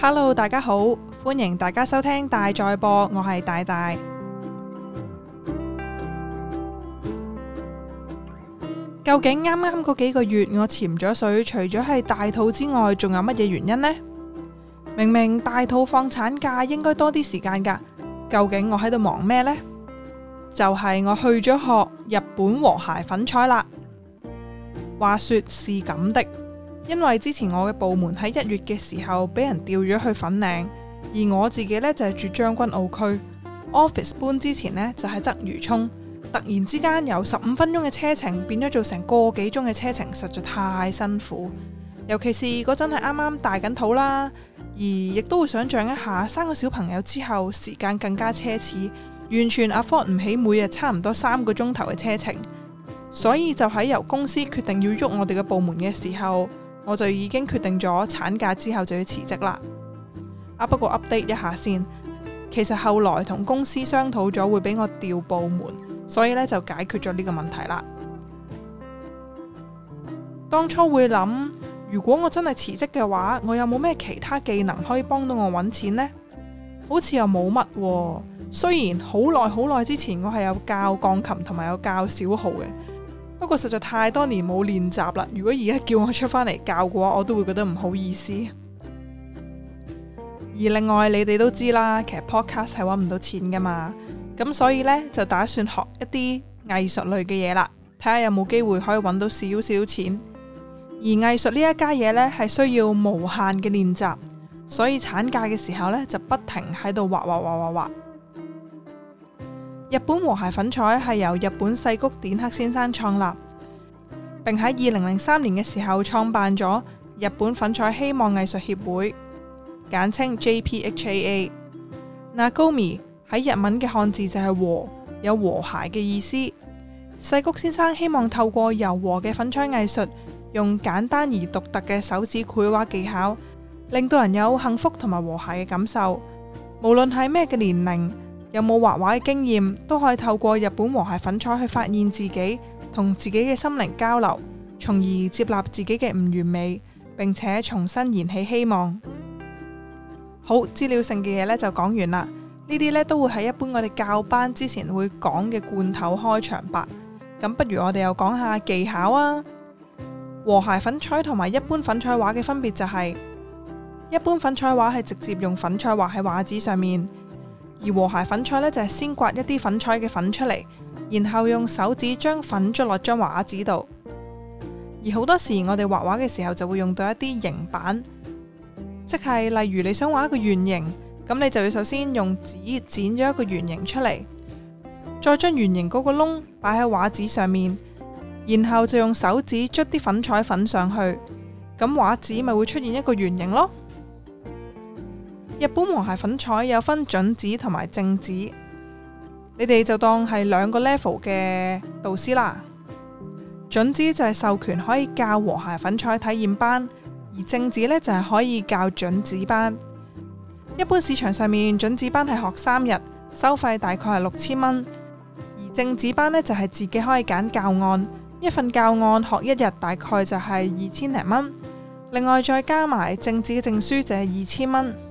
Hello，大家好，歡迎大家收聽大在播，我係大大。 究竟啱啱嗰幾個月我潛咗水，除咗係大肚之外，仲有乜嘢原因呢？明明大肚放產假，應該多啲時間噶，究竟我喺度忙咩呢？就係、是、我去咗學日本和諧粉彩啦。話說是咁的。因為之前我嘅部門喺一月嘅時候俾人調咗去粉嶺，而我自己呢就係住將軍澳區 ，office 搬之前呢就喺鰂魚涌，突然之間由十五分鐘嘅車程變咗做成個幾鐘嘅車程，實在太辛苦。尤其是嗰陣係啱啱大緊肚啦，而亦都會想象一下生個小朋友之後時間更加奢侈，完全 afford 唔起每日差唔多三個鐘頭嘅車程，所以就喺由公司決定要喐我哋嘅部門嘅時候。我就已經決定咗產假之後就要辭職啦。啊，不過 update 一下先，其實後來同公司商討咗會俾我調部門，所以呢就解決咗呢個問題啦。當初會諗，如果我真係辭職嘅話，我有冇咩其他技能可以幫到我揾錢呢？好似又冇乜。雖然好耐好耐之前我係有教鋼琴同埋有教小號嘅。不過實在太多年冇練習啦，如果而家叫我出返嚟教嘅話，我都會覺得唔好意思。而另外你哋都知啦，其實 Podcast 係搵唔到錢㗎嘛，咁所以呢，就打算學一啲藝術類嘅嘢啦，睇下有冇機會可以搵到少少錢。而藝術呢一家嘢呢，係需要無限嘅練習，所以產假嘅時候呢，就不停喺度畫畫畫畫畫。日本和諧粉彩係由日本細谷典克先生創立，並喺二零零三年嘅時候創辦咗日本粉彩希望藝術協會，簡稱 JPHAA。Nagomi 喺日文嘅漢字就係和，有和諧嘅意思。細谷先生希望透過柔和嘅粉彩藝術，用簡單而獨特嘅手指繪畫技巧，令到人有幸福同埋和諧嘅感受，無論係咩嘅年齡。有冇畫畫嘅經驗，都可以透過日本和諧粉彩去發現自己，同自己嘅心靈交流，從而接納自己嘅唔完美，並且重新燃起希望。好，資料性嘅嘢呢，就講完啦。呢啲呢都會係一般我哋教班之前會講嘅罐頭開場白。咁不如我哋又講下技巧啊。和諧粉彩同埋一般粉彩畫嘅分別就係，一般粉彩畫係直接用粉彩畫喺畫紙上面。而和諧粉彩呢，就係先刮一啲粉彩嘅粉出嚟，然後用手指將粉捽落張畫紙度。而好多時，我哋畫畫嘅時候就會用到一啲形板，即係例如你想畫一個圓形，咁你就要首先用紙剪咗一個圓形出嚟，再將圓形嗰個窿擺喺畫紙上面，然後就用手指捽啲粉彩粉上去，咁畫紙咪會出現一個圓形咯。日本和諧粉彩有分準指同埋正指，你哋就當係兩個 level 嘅導師啦。準指就係授權可以教和諧粉彩體驗班，而正指呢就係可以教準指班。一般市場上面準指班係學三日，收費大概係六千蚊；而正指班呢就係自己可以揀教案，一份教案學一日大概就係二千零蚊。另外再加埋正指嘅證書就係二千蚊。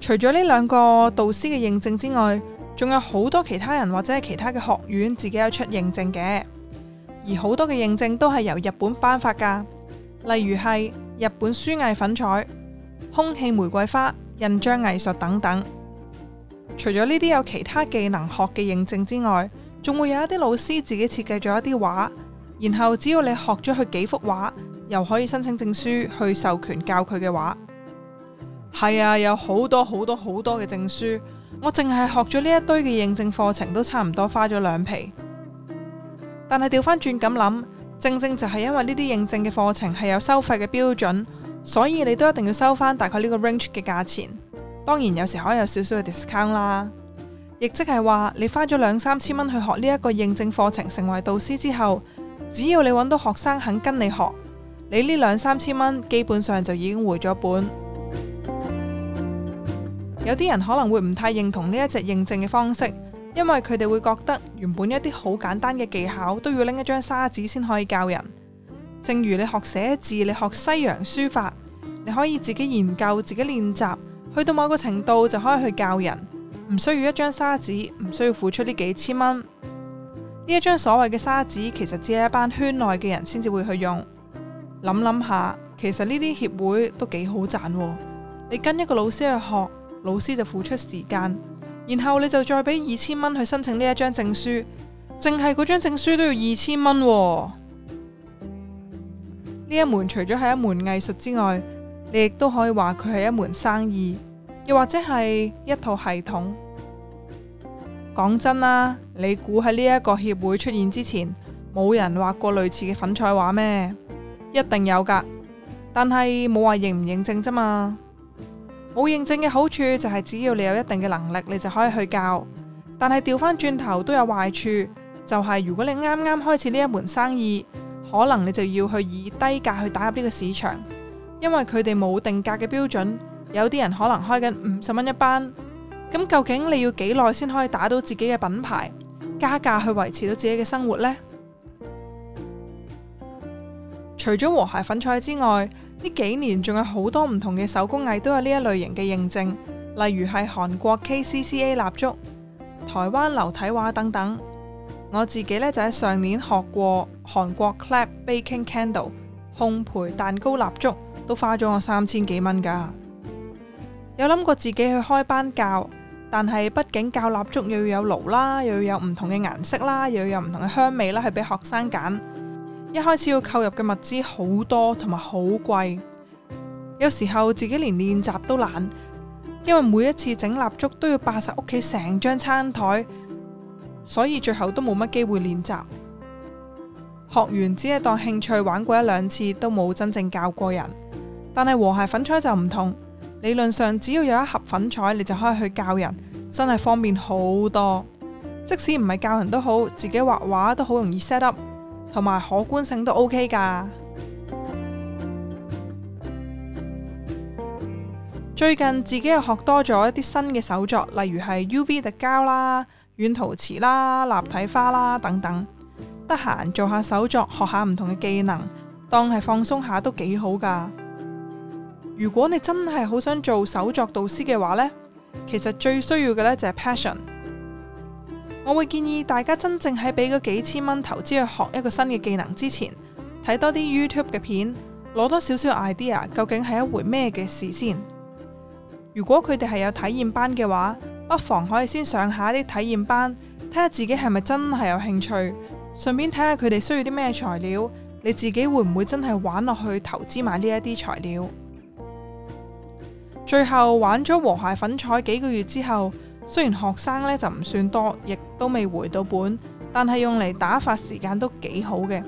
除咗呢兩個導師嘅認證之外，仲有好多其他人或者係其他嘅學院自己有出認證嘅，而好多嘅認證都係由日本頒發㗎，例如係日本書藝粉彩、空氣玫瑰花、印章藝術等等。除咗呢啲有其他技能學嘅認證之外，仲會有一啲老師自己設計咗一啲畫，然後只要你學咗佢幾幅畫，又可以申請證書去授權教佢嘅畫。係啊，有好多好多好多嘅證書，我淨係學咗呢一堆嘅認證課程，都差唔多花咗兩皮。但係調翻轉咁諗，正正就係因為呢啲認證嘅課程係有收費嘅標準，所以你都一定要收翻大概呢個 range 嘅價錢。當然有時候可以有少少嘅 discount 啦，亦即係話你花咗兩三千蚊去學呢一個認證課程，成為導師之後，只要你揾到學生肯跟你學，你呢兩三千蚊基本上就已經回咗本。有啲人可能會唔太認同呢一隻認證嘅方式，因為佢哋會覺得原本一啲好簡單嘅技巧都要拎一張沙紙先可以教人。正如你學寫字，你學西洋書法，你可以自己研究、自己練習，去到某個程度就可以去教人，唔需要一張沙紙，唔需要付出呢幾千蚊。呢一張所謂嘅沙紙，其實只係一班圈內嘅人先至會去用。諗諗下，其實呢啲協會都幾好賺喎。你跟一個老師去學。老師就付出時間，然後你就再俾二千蚊去申請呢一張證書，淨係嗰張證書都要二千蚊。呢一門除咗係一門藝術之外，你亦都可以話佢係一門生意，又或者係一套系統。講真啦，你估喺呢一個協會出現之前，冇人畫過類似嘅粉彩畫咩？一定有噶，但係冇話認唔認證咋嘛。冇認證嘅好處就係只要你有一定嘅能力，你就可以去教。但係調翻轉頭都有壞處，就係如果你啱啱開始呢一門生意，可能你就要去以低價去打入呢個市場，因為佢哋冇定價嘅標準。有啲人可能開緊五十蚊一班，咁究竟你要幾耐先可以打到自己嘅品牌，加價去維持到自己嘅生活呢？除咗和諧粉彩之外，呢幾年仲有好多唔同嘅手工藝都有呢一類型嘅認證，例如係韓國 KCCA 蠟燭、台灣流體畫等等。我自己呢，就喺上年學過韓國 clap baking candle 烘焙蛋糕蠟燭，都花咗我三千幾蚊噶。有諗過自己去開班教，但係畢竟教蠟燭又要有爐啦，又要有唔同嘅顏色啦，又要有唔同嘅香味啦，去俾學生揀。一開始要購入嘅物資好多同埋好貴，有時候自己連練習都懶，因為每一次整蠟燭都要霸晒屋企成張餐台，所以最後都冇乜機會練習。學完只係當興趣玩過一兩次，都冇真正教過人。但係和諧粉彩就唔同，理論上只要有一盒粉彩，你就可以去教人，真係方便好多。即使唔係教人都好，自己畫畫都好容易 set up。同埋可觀性都 OK 㗎。最近自己又學多咗一啲新嘅手作，例如係 UV 特膠啦、軟陶瓷啦、立體花啦等等。得閒做下手作，學下唔同嘅技能，當係放鬆下都幾好㗎。如果你真係好想做手作導師嘅話呢，其實最需要嘅呢就係 passion。我會建議大家真正喺俾嗰幾千蚊投資去學一個新嘅技能之前，睇多啲 YouTube 嘅片，攞多少少 idea，究竟係一回咩嘅事先。如果佢哋係有體驗班嘅話，不妨可以先上下啲體驗班，睇下自己係咪真係有興趣，順便睇下佢哋需要啲咩材料，你自己會唔會真係玩落去投資買呢一啲材料。最後玩咗和諧粉彩幾個月之後。雖然學生呢就唔算多，亦都未回到本，但係用嚟打發時間都幾好嘅。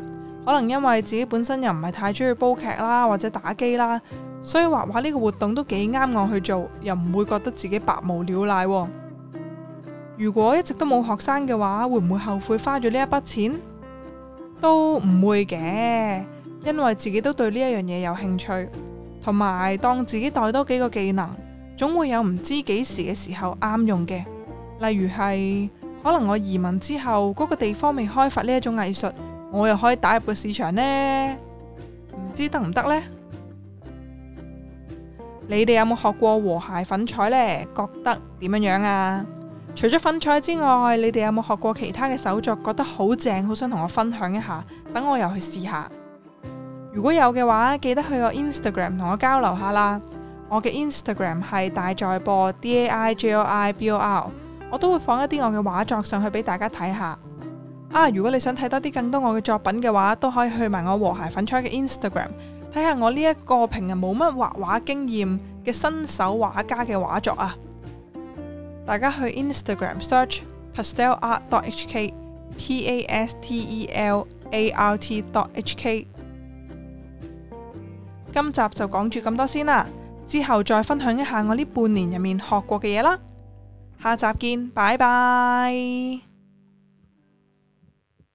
可能因為自己本身又唔係太中意煲劇啦，或者打機啦，所以畫畫呢個活動都幾啱我去做，又唔會覺得自己百無聊賴。如果一直都冇學生嘅話，會唔會後悔花咗呢一筆錢？都唔會嘅，因為自己都對呢一樣嘢有興趣，同埋當自己帶多帶幾個技能。總會有唔知幾時嘅時候啱用嘅，例如係可能我移民之後嗰個地方未開發呢一種藝術，我又可以打入個市場呢？唔知得唔得呢？你哋有冇學過和諧粉彩呢？覺得點樣樣啊？除咗粉彩之外，你哋有冇學過其他嘅手作？覺得好正，好想同我分享一下，等我又去試下。如果有嘅話，記得去我 Instagram 同我交流下啦。我嘅 Instagram 係大在播 D A I J O I B O R，我都會放一啲我嘅畫作上去俾大家睇下。啊，如果你想睇多啲更多我嘅作品嘅話，都可以去埋我和諧粉彩嘅 Instagram 睇下我呢一個平日冇乜畫畫經驗嘅新手畫家嘅畫作啊！大家去 Instagram search pastel art dot hk，p a s t e l a r t dot hk。今集就講住咁多先啦。之後再分享一下我呢半年入面學過嘅嘢啦，下集見，拜拜。